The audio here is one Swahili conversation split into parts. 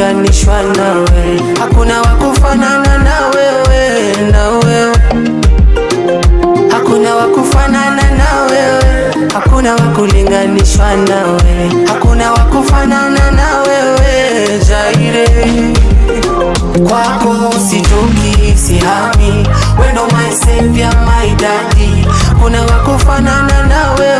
kulinganishwa nawe, hakuna wakufanana na wewe, na wewe, hakuna wakufanana na wewe, hakuna wakulinganishwa nawe, hakuna wakufanana na wewe Jaire, kwako sitoki, sihami, wendo my savior my daddy, hakuna wakufanana na wewe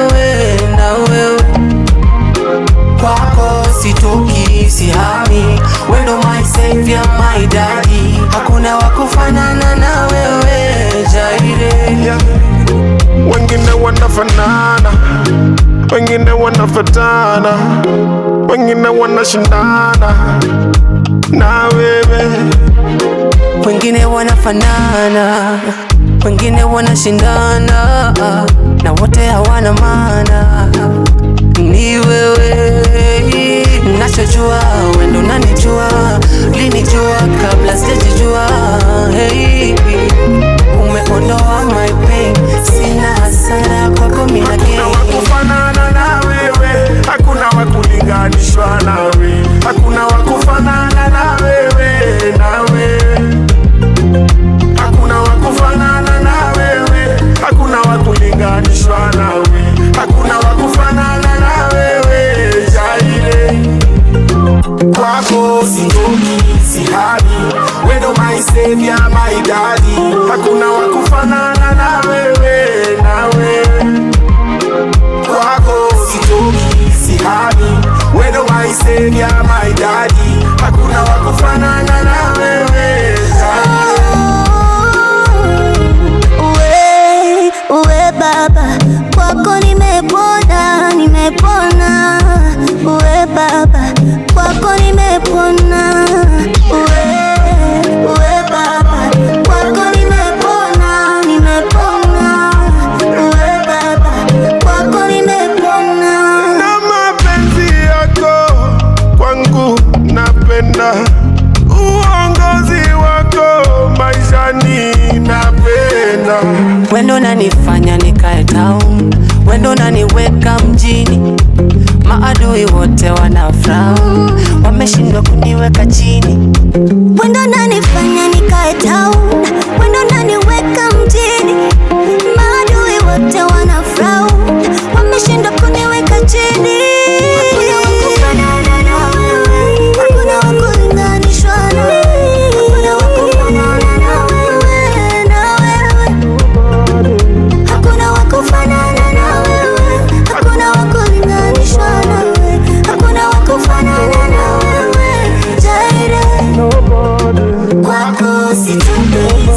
kufanana na wewe Jaire, yeah. Wengine wanafanana, wengine wanafatana, wengine wanashindana na wewe, wengine wanafanana, wengine wanashindana na wote hawana maana behavior maidadi, daddy, hakuna wakufanana na wewe, na wewe kwako sitoki, sihami wendo my savior my daddy, hakuna wakufanana na wewe we, we baba kwako nimepona, nimepona Uwe baba kwako nimepona uongozi wako maishani napenda. Wewe ndo unanifanya nikae down, wendo ndo unaniweka mjini, maadui wote wanafrau, wameshindwa kuniweka chini. Wewe ndo unanifanya nikae down, wendo ndo unaniweka mjini, maadui wote wanafrau, wameshindwa kuniweka chini. Oh.